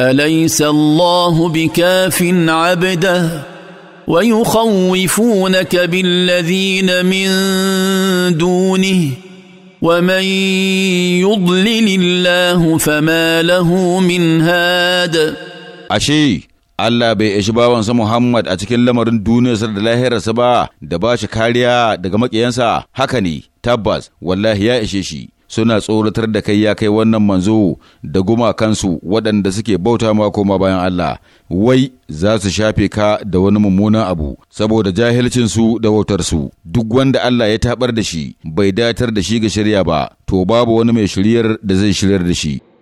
اليس الله بكاف عبده ويخوفونك بالذين من دونه ومن يضلل الله فما له من هاد أشي Allah bai ishi bawansa Muhammad a cikin lamarin duniyarsa da lahirarsa ba da ba shi kariya daga maƙiyansa haka ne tabbas wallahi ya ishe shi suna tsoratar da kai ya kai wannan manzo da gumakansu waɗanda suke bauta ma koma bayan Allah wai za su shafe ka da wani mummunan abu saboda jahilcinsu da wautarsu duk wanda Allah ya tabar da shi bai datar da shi ga shirya ba to babu wani mai shiryar da zai shiryar da shi